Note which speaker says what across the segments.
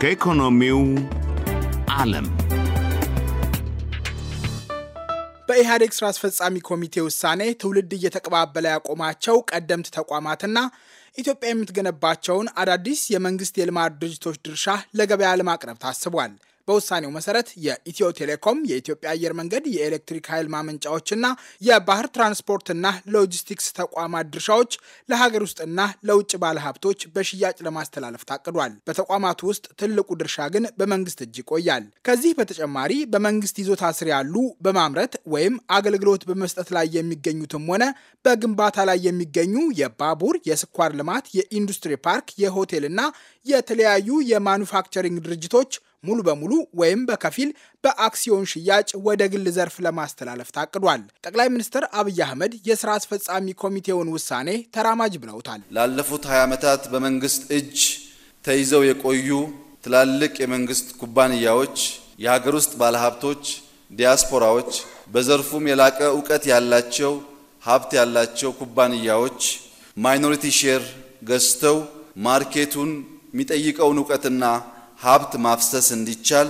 Speaker 1: ከኢኮኖሚው ዓለም በኢህአዴግ ስራ አስፈጻሚ ኮሚቴ ውሳኔ ትውልድ እየተቀባበለ ያቆማቸው ቀደምት ተቋማትና ኢትዮጵያ የምትገነባቸውን አዳዲስ የመንግስት የልማት ድርጅቶች ድርሻ ለገበያ ለማቅረብ ታስቧል። በውሳኔው መሰረት የኢትዮ ቴሌኮም፣ የኢትዮጵያ አየር መንገድ፣ የኤሌክትሪክ ኃይል ማመንጫዎችና የባህር ትራንስፖርትና ሎጂስቲክስ ተቋማት ድርሻዎች ለሀገር ውስጥና ለውጭ ባለሀብቶች በሽያጭ ለማስተላለፍ ታቅዷል። በተቋማቱ ውስጥ ትልቁ ድርሻ ግን በመንግስት እጅ ይቆያል። ከዚህ በተጨማሪ በመንግስት ይዞታ ስር ያሉ በማምረት ወይም አገልግሎት በመስጠት ላይ የሚገኙትም ሆነ በግንባታ ላይ የሚገኙ የባቡር፣ የስኳር ልማት፣ የኢንዱስትሪ ፓርክ፣ የሆቴልና የተለያዩ የማኑፋክቸሪንግ ድርጅቶች ሙሉ በሙሉ ወይም በከፊል በአክሲዮን ሽያጭ ወደ ግል ዘርፍ ለማስተላለፍ ታቅዷል። ጠቅላይ ሚኒስትር አብይ አህመድ የስራ አስፈጻሚ ኮሚቴውን ውሳኔ ተራማጅ ብለውታል። ላለፉት
Speaker 2: 20 ዓመታት በመንግስት እጅ ተይዘው የቆዩ ትላልቅ የመንግስት ኩባንያዎች፣ የሀገር ውስጥ ባለሀብቶች፣ ዲያስፖራዎች፣ በዘርፉም የላቀ እውቀት ያላቸው ሀብት ያላቸው ኩባንያዎች ማይኖሪቲ ሼር ገዝተው ማርኬቱን የሚጠይቀውን እውቀትና ሀብት ማፍሰስ እንዲቻል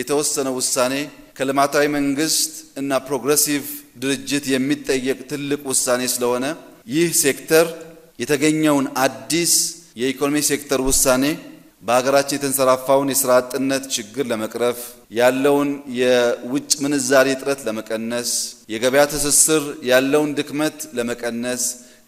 Speaker 2: የተወሰነ ውሳኔ ከልማታዊ መንግስት እና ፕሮግሬሲቭ ድርጅት የሚጠየቅ ትልቅ ውሳኔ ስለሆነ ይህ ሴክተር የተገኘውን አዲስ የኢኮኖሚ ሴክተር ውሳኔ በሀገራችን የተንሰራፋውን የስራ አጥነት ችግር ለመቅረፍ ያለውን የውጭ ምንዛሪ እጥረት ለመቀነስ፣ የገበያ ትስስር ያለውን ድክመት ለመቀነስ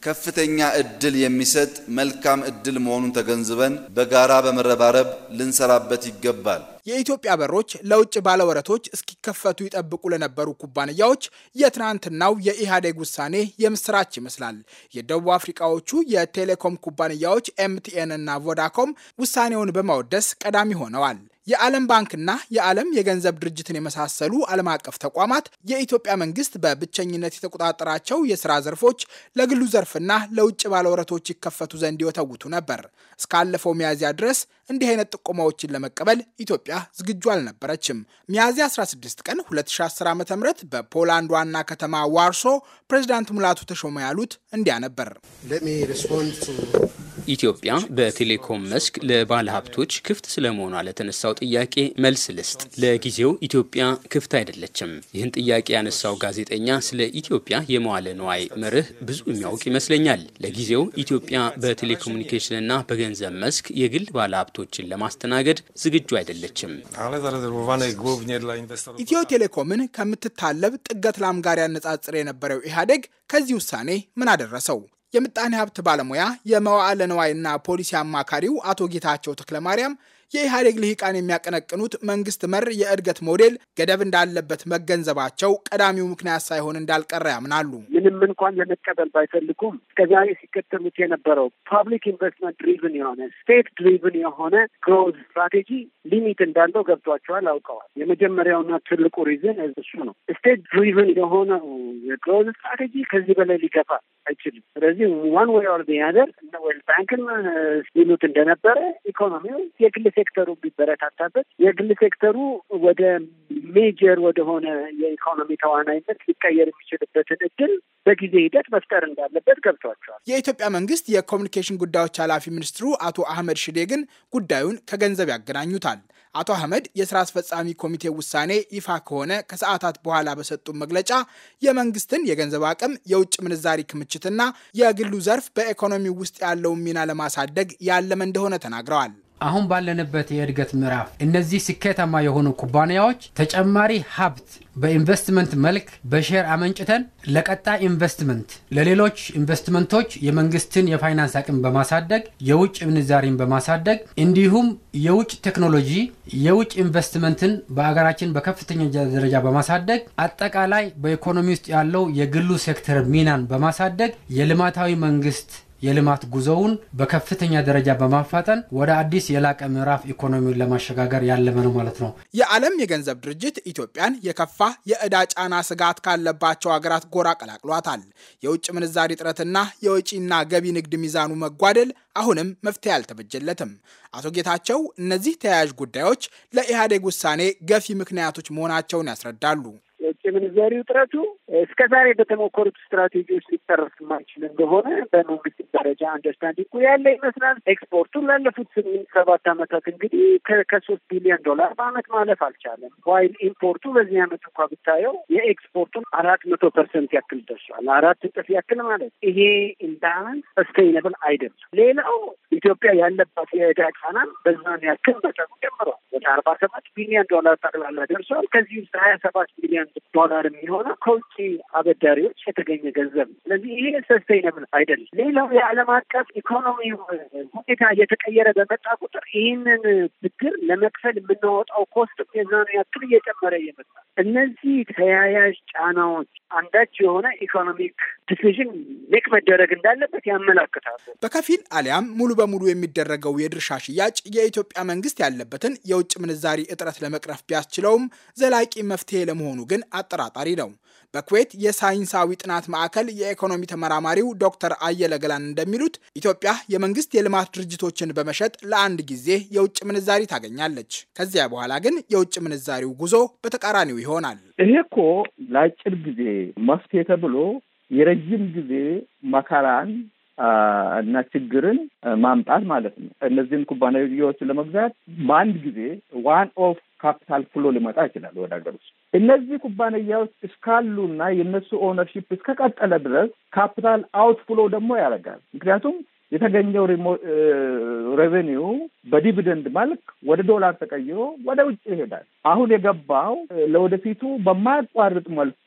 Speaker 2: ከፍተኛ እድል የሚሰጥ መልካም እድል መሆኑን ተገንዝበን በጋራ በመረባረብ ልንሰራበት ይገባል።
Speaker 1: የኢትዮጵያ በሮች ለውጭ ባለወረቶች እስኪከፈቱ ይጠብቁ ለነበሩ ኩባንያዎች የትናንትናው የኢህአዴግ ውሳኔ የምስራች ይመስላል። የደቡብ አፍሪካዎቹ የቴሌኮም ኩባንያዎች ኤምቲኤን እና ቮዳኮም ውሳኔውን በማወደስ ቀዳሚ ሆነዋል። የዓለም ባንክና የዓለም የገንዘብ ድርጅትን የመሳሰሉ ዓለም አቀፍ ተቋማት የኢትዮጵያ መንግስት በብቸኝነት የተቆጣጠራቸው የስራ ዘርፎች ለግሉ ዘርፍና ለውጭ ባለውረቶች ይከፈቱ ዘንድ ይወተውቱ ነበር። እስካለፈው ሚያዝያ ድረስ እንዲህ አይነት ጥቆማዎችን ለመቀበል ኢትዮጵያ ዝግጁ አልነበረችም። ሚያዝያ 16 ቀን 2010 ዓ ም በፖላንድ ዋና ከተማ ዋርሶ ፕሬዚዳንት ሙላቱ ተሾመ ያሉት እንዲያ ነበር። ኢትዮጵያ በቴሌኮም መስክ ለባለ ሀብቶች ክፍት ስለመሆኗ ለተነሳው ጥያቄ መልስ ልስጥ። ለጊዜው ኢትዮጵያ ክፍት አይደለችም። ይህን ጥያቄ ያነሳው ጋዜጠኛ ስለ ኢትዮጵያ የመዋለ ንዋይ መርህ ብዙ የሚያውቅ ይመስለኛል። ለጊዜው ኢትዮጵያ በቴሌኮሙኒኬሽንና በገንዘብ መስክ የግል ባለ ሀብቶችን ለማስተናገድ ዝግጁ አይደለችም። ኢትዮ ቴሌኮምን ከምትታለብ ጥገት ላም ጋር ያነጻጽር የነበረው ኢህአዴግ ከዚህ ውሳኔ ምን አደረሰው? የምጣኔ ሀብት ባለሙያ የመዋዕለ ነዋይና ፖሊሲ አማካሪው አቶ ጌታቸው ተክለማርያም የኢህአዴግ ልሂቃን የሚያቀነቅኑት መንግስት መር የእድገት ሞዴል ገደብ እንዳለበት መገንዘባቸው ቀዳሚው ምክንያት ሳይሆን እንዳልቀረ ያምናሉ። ምንም እንኳን ለመቀበል ባይፈልጉም እስከዛሬ ሲከተሉት የነበረው ፓብሊክ
Speaker 3: ኢንቨስትመንት ድሪቭን የሆነ ስቴት ድሪቭን የሆነ ግሮዝ ስትራቴጂ ሊሚት እንዳለው ገብቷቸዋል፣ አውቀዋል። የመጀመሪያውና ትልቁ ሪዝን እሱ ነው። ስቴት ድሪቭን የሆነው የግሮዝ ስትራቴጂ ከዚህ በላይ ሊገፋ አይችልም። ስለዚህ ዋን ወይ ኦር ዘ አዘር ወርልድ ባንክም እንደነበረ ኢኮኖሚው የግል ሴክተሩ ቢበረታታበት የግል ሴክተሩ ወደ ሜጀር ወደሆነ የኢኮኖሚ ተዋናይነት ሊቀየር የሚችልበትን
Speaker 1: እድል በጊዜ ሂደት መፍጠር እንዳለበት ገብቷቸዋል። የኢትዮጵያ መንግስት የኮሚኒኬሽን ጉዳዮች ኃላፊ ሚኒስትሩ አቶ አህመድ ሽዴ ግን ጉዳዩን ከገንዘብ ያገናኙታል። አቶ አህመድ የስራ አስፈጻሚ ኮሚቴ ውሳኔ ይፋ ከሆነ ከሰዓታት በኋላ በሰጡ መግለጫ የመንግስትን የገንዘብ አቅም፣ የውጭ ምንዛሪ ክምችትና የግሉ ዘርፍ በኢኮኖሚ ውስጥ ያለውን ሚና ለማሳደግ ያለመ እንደሆነ ተናግረዋል። አሁን ባለንበት የእድገት ምዕራፍ እነዚህ ስኬታማ የሆኑ ኩባንያዎች ተጨማሪ ሀብት በኢንቨስትመንት መልክ በሼር አመንጭተን ለቀጣይ ኢንቨስትመንት ለሌሎች ኢንቨስትመንቶች የመንግስትን የፋይናንስ አቅም በማሳደግ የውጭ ምንዛሪን በማሳደግ እንዲሁም የውጭ ቴክኖሎጂ የውጭ ኢንቨስትመንትን በሀገራችን በከፍተኛ ደረጃ በማሳደግ አጠቃላይ በኢኮኖሚ ውስጥ ያለው የግሉ ሴክተር ሚናን በማሳደግ የልማታዊ መንግስት የልማት ጉዞውን በከፍተኛ ደረጃ በማፋጠን ወደ አዲስ የላቀ ምዕራፍ ኢኮኖሚውን ለማሸጋገር ያለመ ነው ማለት ነው። የዓለም የገንዘብ ድርጅት ኢትዮጵያን የከፋ የዕዳ ጫና ስጋት ካለባቸው ሀገራት ጎራ ቀላቅሏታል። የውጭ ምንዛሪ እጥረትና የወጪና ገቢ ንግድ ሚዛኑ መጓደል አሁንም መፍትሄ አልተበጀለትም። አቶ ጌታቸው እነዚህ ተያያዥ ጉዳዮች ለኢህአዴግ ውሳኔ ገፊ ምክንያቶች መሆናቸውን ያስረዳሉ።
Speaker 3: የውጭ ምንዛሪ እጥረቱ እስከ ዛሬ በተሞከሩት ስትራቴጂዎች ሊጠረፍ የማይችል እንደሆነ በመንግስት ደረጃ አንደርስታንዲንጉ ያለ ይመስላል። ኤክስፖርቱ ላለፉት ስምንት ሰባት ዓመታት እንግዲህ ከሶስት ቢሊዮን ዶላር በአመት ማለፍ አልቻለም። ዋይል ኢምፖርቱ በዚህ አመት እንኳ ብታየው የኤክስፖርቱን አራት መቶ ፐርሰንት ያክል ደርሷል። አራት እጥፍ ያክል ማለት ይሄ ኢምባላንስ ሰስቴይነብል አይደለም። ሌላው ኢትዮጵያ ያለባት የዕዳ ጫና በዛን ያክል መጠኑ ጀምሯል። ወደ አርባ ሰባት ቢሊዮን ዶላር ጠቅላላ ደርሷል። ከዚህ ውስጥ ሀያ ሰባት ቢሊዮን ዶላር የሚሆነው ከውጭ አበዳሪዎች የተገኘ ገንዘብ ነው። ስለዚህ ይሄ ሰስተይነብል አይደለም። ሌላው የዓለም አቀፍ ኢኮኖሚ ሁኔታ እየተቀየረ በመጣ ቁጥር ይህንን ብድር ለመክፈል የምናወጣው ኮስት ነው ያክል እየጨመረ እየመጣ እነዚህ ተያያዥ ጫናዎች አንዳች የሆነ ኢኮኖሚክ ዲሲዥን ሜክ መደረግ እንዳለበት ያመላክታሉ።
Speaker 1: በከፊል አሊያም ሙሉ በሙሉ የሚደረገው የድርሻ ሽያጭ የኢትዮጵያ መንግስት ያለበትን የውጭ ምንዛሪ እጥረት ለመቅረፍ ቢያስችለውም ዘላቂ መፍትሄ ለመሆኑ ግን አጠራጣሪ ነው። በኩዌት የሳይንሳዊ ጥናት ማዕከል የኢኮኖሚ ተመራማሪው ዶክተር አየለ ገላን እንደሚሉት ኢትዮጵያ የመንግስት የልማት ድርጅቶችን በመሸጥ ለአንድ ጊዜ የውጭ ምንዛሪ ታገኛለች። ከዚያ በኋላ ግን የውጭ ምንዛሪው ጉዞ በተቃራኒው ይሆናል።
Speaker 2: ይሄ እኮ ለአጭር ጊዜ መፍትሄ ተብሎ የረጅም ጊዜ መከራን እና ችግርን ማምጣት ማለት ነው። እነዚህን ኩባንያዎች ለመግዛት በአንድ ጊዜ ዋን ኦፍ ካፒታል ፍሎ ሊመጣ ይችላል ወደ ሀገር ውስጥ። እነዚህ ኩባንያዎች እስካሉና የእነሱ ኦነርሺፕ እስከቀጠለ ድረስ ካፒታል አውት ፍሎ ደግሞ ያደርጋል። ምክንያቱም የተገኘው ሬቨኒው በዲቪደንድ መልክ ወደ ዶላር ተቀይሮ ወደ ውጭ ይሄዳል።
Speaker 1: አሁን የገባው ለወደፊቱ በማያቋርጥ መልኩ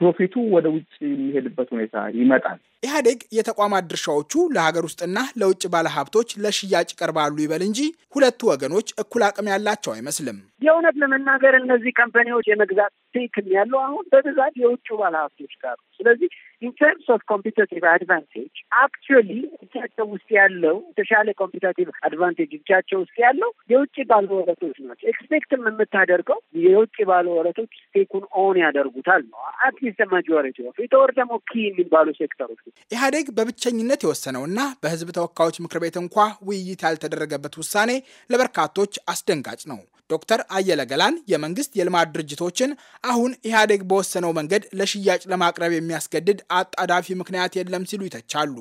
Speaker 1: ፕሮፊቱ ወደ ውጭ የሚሄድበት ሁኔታ ይመጣል። ኢህአዴግ የተቋማት ድርሻዎቹ ለሀገር ውስጥና ለውጭ ባለሀብቶች ለሽያጭ ይቀርባሉ ይበል እንጂ ሁለቱ ወገኖች እኩል አቅም ያላቸው አይመስልም።
Speaker 3: የእውነት ለመናገር እነዚህ ካምፓኒዎች የመግዛት ቴክም ያለው አሁን በብዛት የውጭ ባለሀብቶች ጋር። ስለዚህ ኢንተርምስ ኦፍ ኮምፒቴቲቭ አድቫንቴጅ አክቹዋሊ እጃቸው ውስጥ ያለው የተሻለ ኮምፒቴቲቭ አድቫንቴጅ እጃቸው ውስጥ ያለው የውጭ ባለወረቶች ናቸው። ኤክስፔክትም የምታደርገው የውጭ ባለወረቶች ስቴኩን ኦን ያደርጉታል ነው። አትሊስት ማጆሪቲ ኦፍ
Speaker 1: ኢትዮር ደግሞ ኪ የሚባሉ ሴክተሮች ኢህአዴግ በብቸኝነት የወሰነው እና በህዝብ ተወካዮች ምክር ቤት እንኳ ውይይት ያልተደረገበት ውሳኔ ለበርካቶች አስደንጋጭ ነው። ዶክተር አየለ ገላን የመንግስት የልማት ድርጅቶችን አሁን ኢህአዴግ በወሰነው መንገድ ለሽያጭ ለማቅረብ የሚያስገድድ አጣዳፊ ምክንያት የለም ሲሉ ይተቻሉ።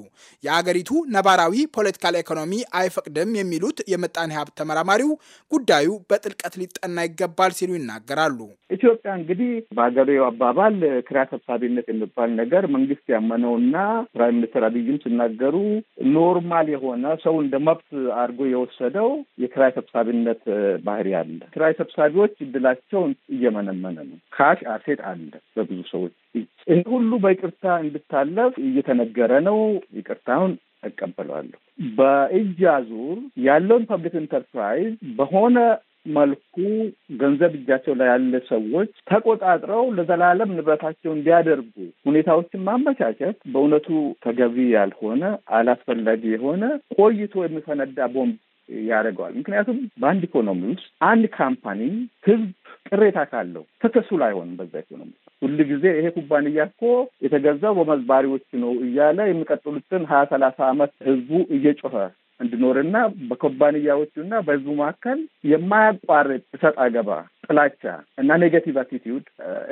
Speaker 1: የአገሪቱ ነባራዊ ፖለቲካል ኢኮኖሚ አይፈቅድም የሚሉት የምጣኔ ሀብት ተመራማሪው ጉዳዩ በጥልቀት ሊጠና ይገባል ሲሉ ይናገራሉ። ኢትዮጵያ እንግዲህ በሀገሬው አባባል ክራ ሰብሳቢነት የሚባል
Speaker 2: ነገር መንግስት ያመነውና ፕራይም ሚኒስትር አብይም ሲናገሩ ኖርማል የሆነ ሰው እንደ መብት አድርጎ የወሰደው የኪራይ ሰብሳቢነት ባህሪ አለ። አለ። ኪራይ ሰብሳቢዎች እድላቸውን እየመነመነ ነው። ካሽ አሴት አለ በብዙ ሰዎች ይህ ሁሉ በይቅርታ እንድታለፍ እየተነገረ ነው። ይቅርታውን እቀበለዋለሁ። በእጅ አዙር ያለውን ፐብሊክ ኢንተርፕራይዝ በሆነ መልኩ ገንዘብ እጃቸው ላይ ያለ ሰዎች ተቆጣጥረው ለዘላለም ንብረታቸው እንዲያደርጉ ሁኔታዎችን ማመቻቸት በእውነቱ ተገቢ ያልሆነ አላስፈላጊ የሆነ ቆይቶ የሚፈነዳ ቦምብ ያደርገዋል። ምክንያቱም በአንድ ኢኮኖሚ ውስጥ አንድ ካምፓኒ ህዝብ ቅሬታ ካለው ተከሱል አይሆንም። በዛ ኢኮኖሚ ሁል ጊዜ ይሄ ኩባንያ እኮ የተገዛው በመዝባሪዎች ነው እያለ የሚቀጥሉትን ሀያ ሰላሳ ዓመት ህዝቡ እየጮኸ እንዲኖርና በኩባንያዎቹና በህዝቡ መካከል የማያቋርጥ እሰጥ አገባ ጥላቻ እና ኔጋቲቭ አቲቲዩድ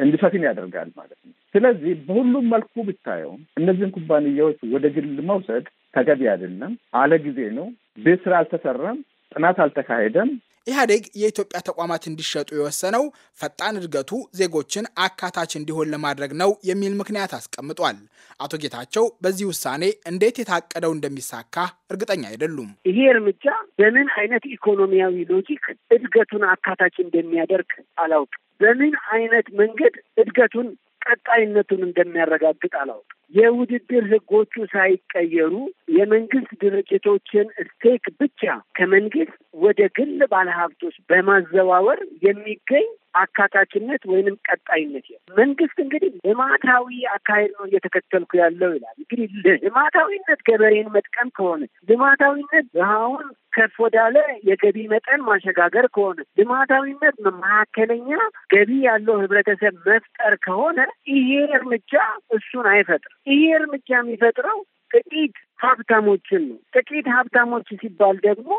Speaker 2: እንዲሰትን ያደርጋል ማለት ነው። ስለዚህ በሁሉም መልኩ ብታየው እነዚህን ኩባንያዎች ወደ ግል መውሰድ ተገቢ አይደለም። አለ ጊዜ
Speaker 1: ነው። ቤት ስራ አልተሰራም፣ ጥናት አልተካሄደም። ኢህአዴግ የኢትዮጵያ ተቋማት እንዲሸጡ የወሰነው ፈጣን እድገቱ ዜጎችን አካታች እንዲሆን ለማድረግ ነው የሚል ምክንያት አስቀምጧል። አቶ ጌታቸው በዚህ ውሳኔ እንዴት የታቀደው እንደሚሳካ እርግጠኛ አይደሉም። ይሄ እርምጃ በምን አይነት ኢኮኖሚያዊ ሎጂክ እድገቱን አካታች እንደሚያደርግ
Speaker 3: አላውቅም። በምን አይነት መንገድ እድገቱን ቀጣይነቱን እንደሚያረጋግጥ አላውቅም። የውድድር ህጎቹ ሳይቀየሩ የመንግስት ድርጅቶችን ስቴክ ብቻ ከመንግስት ወደ ግል ባለሀብቶች በማዘዋወር የሚገኝ አካታችነት ወይንም ቀጣይነት የ መንግስት እንግዲህ ልማታዊ አካሄድ ነው እየተከተልኩ ያለው ይላል። እንግዲህ ልማታዊነት ገበሬን መጥቀም ከሆነ ልማታዊነት ድሃውን ከፍ ወዳለ የገቢ መጠን ማሸጋገር ከሆነ ልማታዊነት መካከለኛ ገቢ ያለው ህብረተሰብ መፍጠር ከሆነ ይሄ እርምጃ እሱን አይፈጥርም። ይሄ እርምጃ የሚፈጥረው ጥቂት ሀብታሞችን ነው። ጥቂት ሀብታሞች ሲባል ደግሞ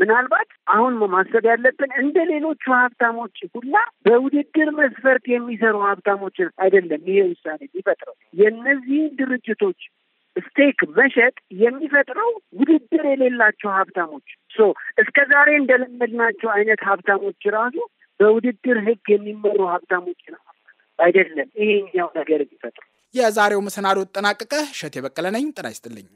Speaker 3: ምናልባት አሁን ማሰብ ያለብን እንደ ሌሎቹ ሀብታሞች ሁላ በውድድር መስፈርት የሚሰሩ ሀብታሞችን አይደለም ይሄ ውሳኔ የሚፈጥረው የእነዚህ ድርጅቶች ስቴክ መሸጥ የሚፈጥረው ውድድር የሌላቸው ሀብታሞች ሶ እስከ ዛሬ እንደለመድናቸው አይነት ሀብታሞች ራሱ በውድድር
Speaker 1: ህግ የሚመሩ ሀብታሞች አይደለም ይሄኛው ነገር የሚፈጥረው። የዛሬው መሰናዶ ተጠናቀቀ። እሸቴ በቀለ ነኝ። ጤና ይስጥልኝ።